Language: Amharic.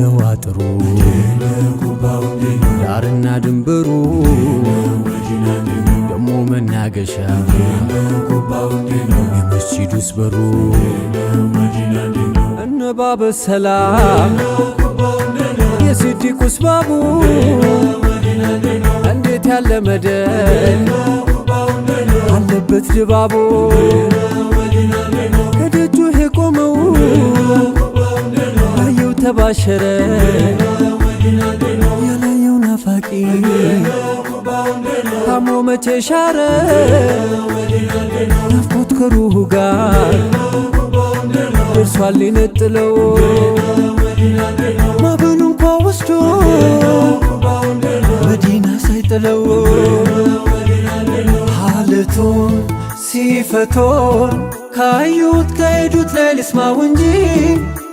ነው አጥሩ ዳርና ድንበሩ ደሞ መናገሻ የመስጂዱስ በሩ እነባ በሰላም የሲዲቁስ ባቡ እንዴት ያለ መደን አለበት ድባቡ ተባሸረ ያላየው ናፋቂ ታሞ መቼ ሻረ ናፍቆት ከሩሁ ጋር ደርሷል ሊነጥለው ማበሉ እንኳ ወስዶ መዲና ሳይጥለው ሀለቶን ሲፈቶን ካዩት ከሄዱት ላይ ልስማው እንጂ